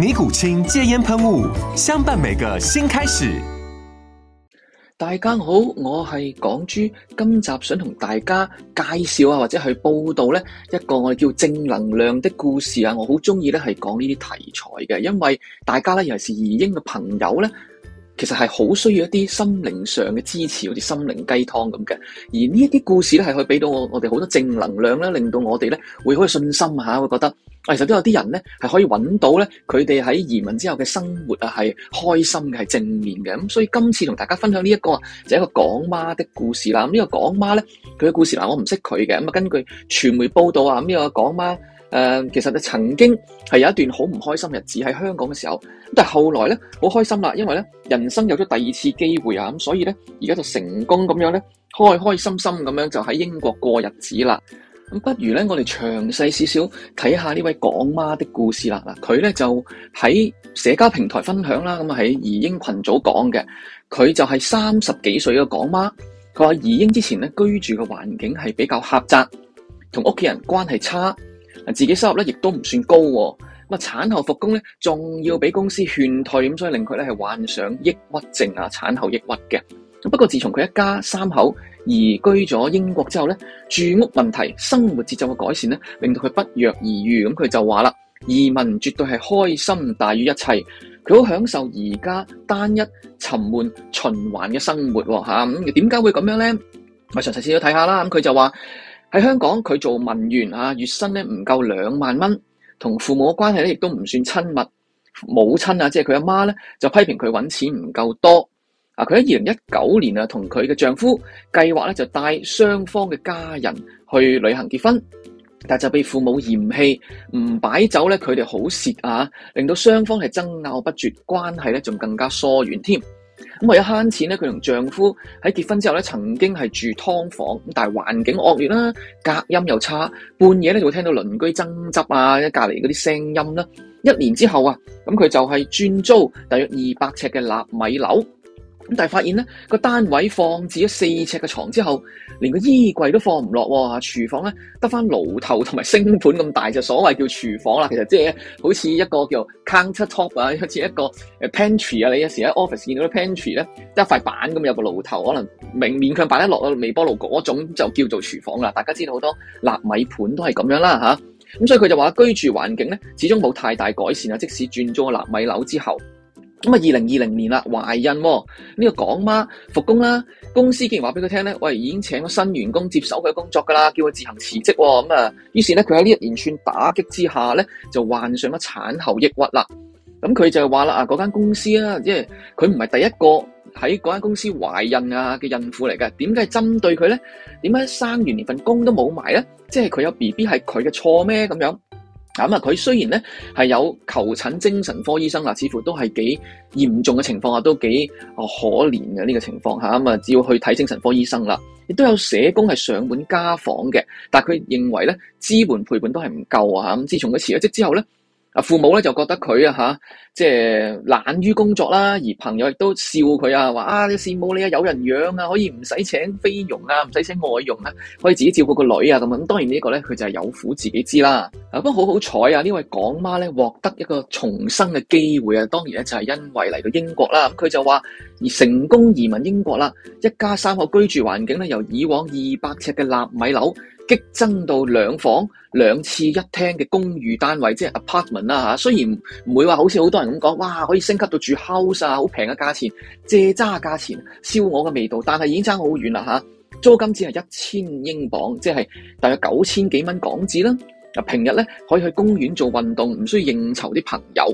尼古清戒煙噴霧，相伴每個新開始。大家好，我係港豬，今集想同大家介紹啊，或者去報道咧一個我哋叫正能量的故事啊。我好中意咧係講呢啲題材嘅，因為大家咧尤其是移英嘅朋友咧，其實係好需要一啲心靈上嘅支持，好似心靈雞湯咁嘅。而呢一啲故事咧係可以俾到我我哋好多正能量咧，令到我哋咧會好有信心吓，會覺得。其實都有啲人咧，係可以揾到咧，佢哋喺移民之後嘅生活啊，係開心嘅，係正面嘅。咁、嗯、所以今次同大家分享呢、呢、一個就係、一個港媽的故事啦。咁、嗯、呢、呢個港媽咧，佢嘅故事嗱，我唔識佢嘅。咁、嗯、啊，根據傳媒報道啊，咁、嗯、呢、呢個港媽誒、呃，其實就曾經係有一段好唔開心日子喺香港嘅時候，但係後來咧好開心啦，因為咧人生有咗第二次機會啊，咁、嗯、所以咧而家就成功咁樣咧，開開心心咁樣就喺英國過日子啦。咁不如咧，我哋詳細少少睇下呢位港媽的故事啦。嗱，佢咧就喺社交平台分享啦，咁啊喺移英群組講嘅，佢就係三十幾歲嘅港媽。佢話移英之前咧居住嘅環境係比較狹窄，同屋企人關係差，自己收入咧亦都唔算高。咁啊產後復工咧，仲要俾公司勸退，咁所以令佢咧係患上抑鬱症啊，產後抑鬱嘅。咁不過自從佢一家三口。移居咗英國之後咧，住屋問題、生活節奏嘅改善咧，令到佢不藥而癒，咁佢就話啦：移民絕對係開心大於一切，佢好享受而家單一沉悶循環嘅生活嚇。咁點解會咁樣咧？咪詳細先要睇下啦。咁佢就話喺香港佢做文員啊，月薪咧唔夠兩萬蚊，同父母嘅關係咧亦都唔算親密，母親啊即係佢阿媽咧就批評佢揾錢唔夠多。嗱，佢喺二零一九年啊，同佢嘅丈夫計劃咧就帶雙方嘅家人去旅行結婚，但就被父母嫌棄，唔擺酒咧，佢哋好蝕啊，令到雙方係爭拗不絕，關係咧仲更加疏遠添。咁為咗慳錢咧，佢同丈夫喺結婚之後咧，曾經係住劏房，但係環境惡劣啦，隔音又差，半夜咧就會聽到鄰居爭執啊，隔籬嗰啲聲音啦。一年之後啊，咁佢就係轉租大約二百尺嘅納米樓。咁但係發現咧，個單位放置咗四尺嘅床之後，連個衣櫃都放唔落喎。廚房咧，得返爐頭同埋星盆咁大，就所謂叫廚房啦。其實即係好似一個叫 counter top 啊，好似一個誒 pantry 啊。你有時喺 office 見到啲 pantry 咧，得一塊板咁有個爐頭，可能明勉強擺得落微波爐嗰種就叫做廚房啦。大家知道好多納米盤都係咁樣啦、啊、吓。咁、啊、所以佢就話居住環境咧，始終冇太大改善啊。即使轉咗個納米樓之後。咁啊，二零二零年啦，懷孕喎、哦，呢、這個港媽復工啦，公司竟然話俾佢聽咧，喂，已經請咗新員工接手佢嘅工作㗎啦，叫佢自行辭職喎，咁啊，於是咧佢喺呢一連串打擊之下咧，就患上咗產後抑鬱啦。咁、嗯、佢就話啦，啊，嗰間公司啊，即係佢唔係第一個喺嗰間公司懷孕啊嘅孕婦嚟嘅，點解係針對佢咧？點解生完連份工都冇埋咧？即係佢有 B B 係佢嘅錯咩？咁樣？咁啊，佢、嗯、雖然咧係有求診精神科醫生啊，似乎都係幾嚴重嘅情況啊，都幾啊可憐嘅呢個情況吓，咁、嗯、啊，只要去睇精神科醫生啦，亦都有社工係上門家訪嘅，但佢認為咧支援陪伴都係唔夠啊吓，咁、嗯、自從佢辭咗職之後咧。啊！父母咧就覺得佢啊吓，即係懶於工作啦，而朋友亦都笑佢啊，話啊你羨慕你啊，有人養啊，可以唔使請菲傭啊，唔使請外傭啊，可以自己照顧個女啊咁啊。當然這個呢個咧，佢就係有苦自己知啦。啊，不過好好彩啊，呢位港媽咧獲得一個重生嘅機會啊，當然咧就係因為嚟到英國啦。佢就話而成功移民英國啦，一家三個居住環境咧由以往二百尺嘅納米樓。激增到兩房兩次一廳嘅公寓單位，即係 apartment 啦嚇。雖然唔會話好似好多人咁講，哇可以升級到住 house 啊，好平嘅價錢，借渣價錢，燒鵝嘅味道，但係已經差好遠啦嚇。租金只係一千英鎊，即係大約九千幾蚊港紙啦。平日咧可以去公園做運動，唔需要應酬啲朋友，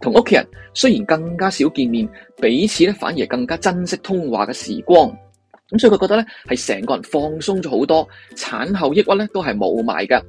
同屋企人雖然更加少見面，彼此咧反而更加珍惜通話嘅時光。咁所以佢覺得咧，係成個人放鬆咗好多，產後抑鬱咧都係冇埋㗎。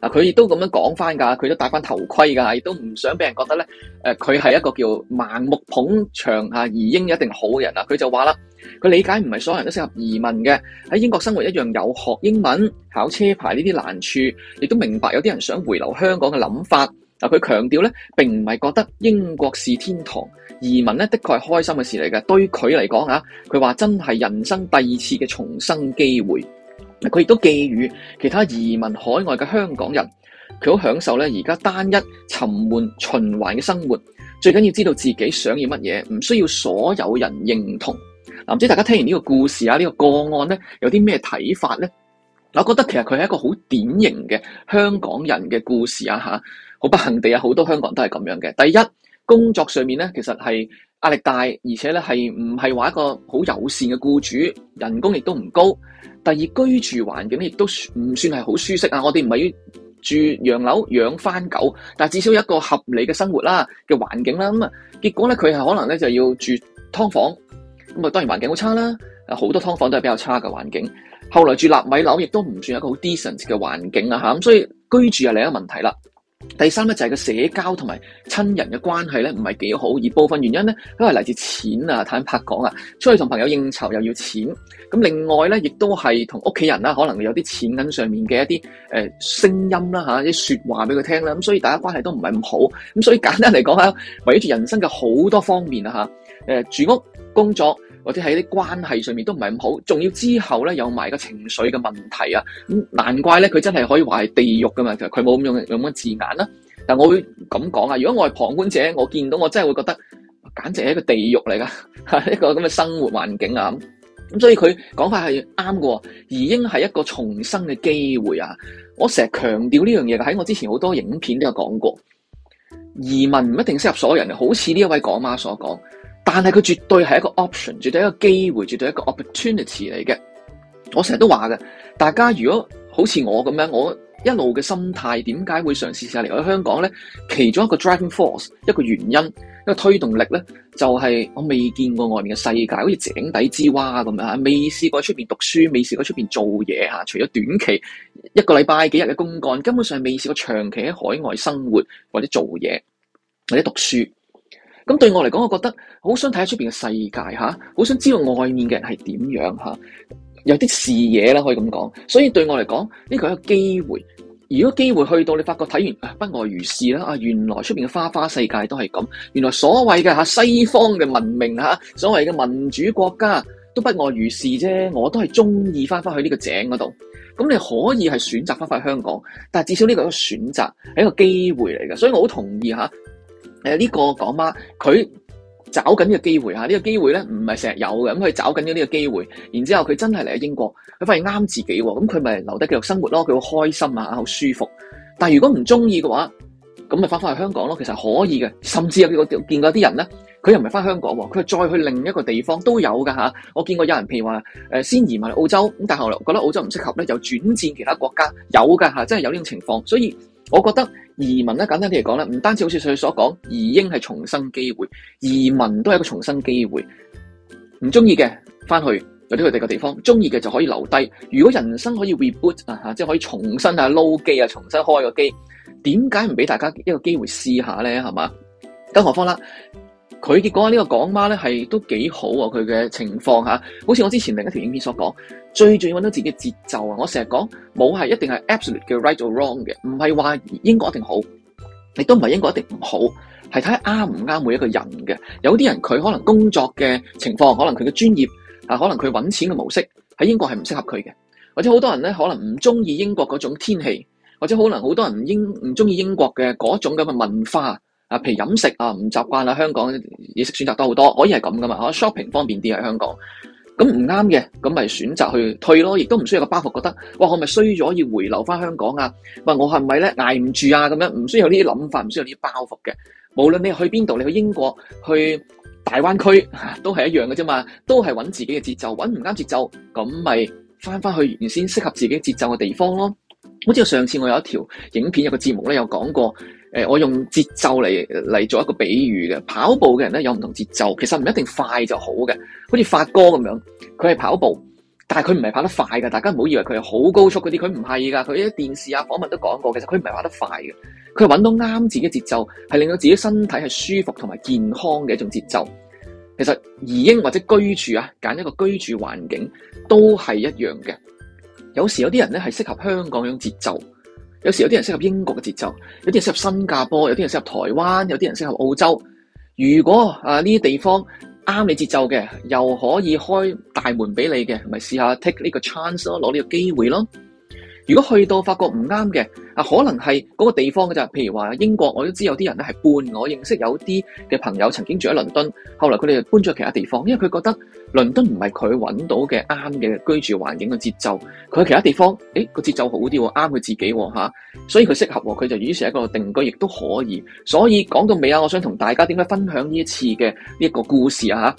嗱、啊，佢亦都咁樣講翻㗎，佢都戴翻頭盔㗎，亦都唔想俾人覺得咧，誒、啊，佢係一個叫盲目捧場啊移英一定好嘅人啊。佢就話啦，佢理解唔係所有人都適合移民嘅，喺英國生活一樣有學英文、考車牌呢啲難處，亦都明白有啲人想回流香港嘅諗法。佢強調咧，並唔係覺得英國是天堂，移民咧的確係開心嘅事嚟嘅。對於佢嚟講啊，佢話真係人生第二次嘅重生機會。佢亦都寄予其他移民海外嘅香港人，佢好享受咧而家單一沉悶循環嘅生活。最緊要知道自己想要乜嘢，唔需要所有人認同。唔知大家聽完呢個故事啊，呢、呢個個案咧，有啲咩睇法呢？我覺得其實佢係一個好典型嘅香港人嘅故事啊，吓。好不幸地啊，好多香港人都係咁樣嘅。第一，工作上面咧，其實係壓力大，而且咧係唔係話一個好友善嘅僱主，人工亦都唔高。第二，居住環境亦都唔算係好舒適啊。我哋唔係要住洋樓養翻狗，但係至少一個合理嘅生活啦、嘅環境啦。咁、嗯、啊，結果咧佢係可能咧就要住劏房，咁、嗯、啊，當然環境好差啦。好多劏房都係比較差嘅環境。後來住納米樓亦都唔算一個好 decent 嘅環境啊。吓咁，所以居住又另一個問題啦。第三咧就係個社交同埋親人嘅關係咧唔係幾好，而部分原因咧都係嚟自錢啊，坦白講啊，出去同朋友應酬又要錢，咁另外咧亦都係同屋企人啦，可能有啲錢銀上面嘅一啲誒聲音啦吓，啲說話俾佢聽啦，咁所以大家關係都唔係咁好，咁所以簡單嚟講啊，圍繞住人生嘅好多方面啊吓，誒住屋工作，或者喺啲關係上面都唔係咁好，仲要之後咧有埋個情緒嘅問題啊！咁難怪咧，佢真係可以話係地獄㗎嘛？其實佢冇咁樣咁嘅字眼啦。但我會咁講啊！如果我係旁觀者，我見到我真係會覺得，簡直係一個地獄嚟噶，一個咁嘅生活環境啊咁。所以佢講法係啱喎，移英係一個重生嘅機會啊！我成日強調呢樣嘢，喺我之前好多影片都有講過。移民唔一定適合所有人，好似呢一位港媽所講。但係佢絕對係一個 option，絕對係一個機會，絕對係一個 opportunity 嚟嘅。我成日都話嘅，大家如果好似我咁樣，我一路嘅心態點解會嘗試下離開香港呢？其中一個 driving force，一個原因，一個推動力呢，就係我未見過外面嘅世界，好似井底之蛙咁樣嚇，未試過出面讀書，未試過出面做嘢。除咗短期一個禮拜幾日嘅公幹，根本上未試過長期喺海外生活或者做嘢或者讀書。咁對我嚟講，我覺得好想睇下出邊嘅世界嚇，好想知道外面嘅人係點樣嚇，有啲視野啦，可以咁講。所以對我嚟講，呢個係一個機會。如果機會去到，你發覺睇完、啊、不外如是啦，啊，原來出邊嘅花花世界都係咁，原來所謂嘅嚇西方嘅文明嚇，所謂嘅民主國家都不外如是啫。我都係中意翻翻去呢個井嗰度。咁你可以係選擇翻翻香港，但係至少呢個係一個選擇，係一個機會嚟嘅，所以我好同意嚇。誒，呢個港媽，佢找緊呢個機會吓，呢個機會咧唔係成日有嘅，咁佢找緊咗呢個機會，然之後佢真係嚟喺英國，佢發現啱自己喎，咁佢咪留低繼續生活咯，佢好開心啊，好舒服。但係如果唔中意嘅話，咁咪翻翻去香港咯，其實可以嘅，甚至有啲見過啲人咧，佢又唔係翻香港，佢再去另一個地方都有噶吓。我見過有人譬如話誒，先移民澳洲咁，但係後來覺得澳洲唔適合咧，又轉戰其他國家，有嘅吓，真係有呢種情況，所以。我覺得移民咧，簡單啲嚟講咧，唔單止好似佢所講，移英係重生機會，移民都係一個重生機會。唔中意嘅，翻去有啲去第個地方，中意嘅就可以留低。如果人生可以 reboot 啊，即係可以重新啊，撈機啊，重新開個機，點解唔俾大家一個機會試下咧？係嘛？更何況啦，佢結果呢個港媽咧係都幾好啊，佢嘅情況吓，好似我之前另一條影片所講。最重要揾到自己嘅節奏啊！我成日講冇係一定係 absolute 嘅 right or wrong 嘅，唔係話英國一定好，亦都唔係英國一定唔好，係睇啱唔啱每一個人嘅。有啲人佢可能工作嘅情況，可能佢嘅專業啊，可能佢揾錢嘅模式喺英國係唔適合佢嘅，或者好多人呢，可能唔中意英國嗰種天氣，或者可能好多人唔英唔中意英國嘅嗰種咁嘅文化啊，譬如飲食啊唔習慣啊，香港嘢食選擇多好多，可以係咁噶嘛？shopping 方便啲喺香港。咁唔啱嘅，咁咪選擇去退咯，亦都唔需要個包袱，覺得，哇，我咪衰咗要回流翻香港啊？唔我係咪咧捱唔住啊？咁樣唔需要呢啲諗法，唔需要呢啲包袱嘅。無論你去邊度，你去英國、去大灣區都係一樣嘅啫嘛，都係揾自己嘅節奏，揾唔啱節奏，咁咪翻翻去原先適合自己節奏嘅地方咯。好似我知上次我有一條影片有個節目咧，有講過。誒，我用節奏嚟嚟做一個比喻嘅，跑步嘅人咧，有唔同節奏，其實唔一定快就好嘅。好似發哥咁樣，佢係跑步，但係佢唔係跑得快嘅。大家唔好以為佢係好高速嗰啲，佢唔係㗎。佢啲電視啊，訪問都講過，其實佢唔係跑得快嘅，佢揾到啱自己節奏，係令到自己身體係舒服同埋健康嘅一種節奏。其實移英或者居住啊，揀一個居住環境都係一樣嘅。有時有啲人咧，係適合香港樣節奏。有時有啲人適合英國嘅節奏，有啲人適合新加坡，有啲人適合台灣，有啲人適合澳洲。如果啊呢啲地方啱你節奏嘅，又可以開大門俾你嘅，咪、就是、試下 take 呢個 chance 咯，攞呢個機會咯。如果去到發覺唔啱嘅，啊可能係嗰個地方嘅就譬如話英國，我都知有啲人咧係搬。我認識有啲嘅朋友曾經住喺倫敦，後來佢哋就搬咗其他地方，因為佢覺得倫敦唔係佢揾到嘅啱嘅居住環境嘅節奏，佢喺其他地方，咦，個節奏好啲喎，啱佢自己喎，所以佢適合喎，佢就於是係一個定居亦都可以。所以講到尾啊，我想同大家點解分享呢一次嘅呢一個故事啊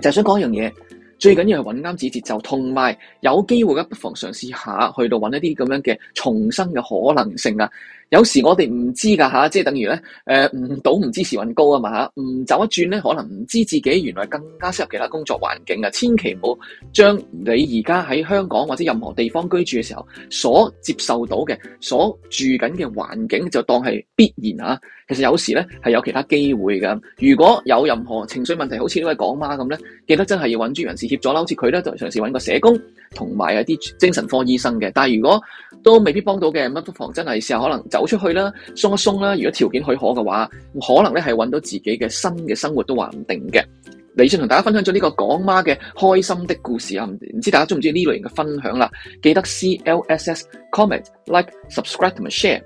就係想講一樣嘢。最緊要係揾啱自己節奏，同埋有機會咧，不妨嘗試下去到揾一啲咁樣嘅重生嘅可能性啊！有時我哋唔知噶吓，即係等於咧，誒唔賭唔知時運高啊嘛吓，唔走一轉咧，可能唔知自己原來更加適合其他工作環境啊！千祈唔好將你而家喺香港或者任何地方居住嘅時候所接受到嘅，所住緊嘅環境就當係必然吓。其實有時咧係有其他機會㗎。如果有任何情緒問題，好似呢位港媽咁咧，記得真係要穩專業人士協助啦。好似佢咧就嘗試揾個社工同埋一啲精神科醫生嘅。但係如果都未必幫到嘅，乜都不妨真係試下可能就。走出去啦，鬆一鬆啦。如果條件許可嘅話，可能咧係揾到自己嘅新嘅生活都話唔定嘅。李先同大家分享咗呢個港媽嘅開心的故事啊，唔知大家鍾唔鍾意呢類型嘅分享啦？記得 CLSS comment like subscribe 同埋 share。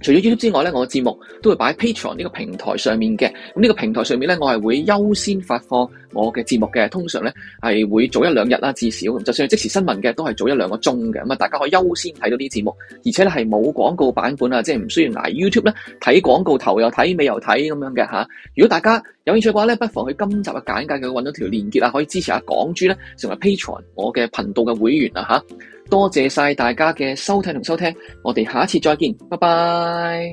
除咗 YouTube 之外咧，我嘅節目都會擺喺 Patreon 呢個平台上面嘅。咁、這、呢個平台上面咧，我係會優先發放我嘅節目嘅。通常咧係會早一兩日啦，至少。咁就算係即時新聞嘅，都係早一兩個鐘嘅。咁啊，大家可以優先睇到啲節目，而且咧係冇廣告版本啊，即係唔需要拿 YouTube 咧睇廣告頭又睇尾又睇咁樣嘅嚇。如果大家有興趣嘅話咧，不妨去今集嘅簡介嘅揾到條連結啊，可以支持一下港豬咧成為 Patreon 我嘅頻道嘅會員啊嚇。多謝晒大家嘅收睇同收聽，我哋下次再見，拜拜。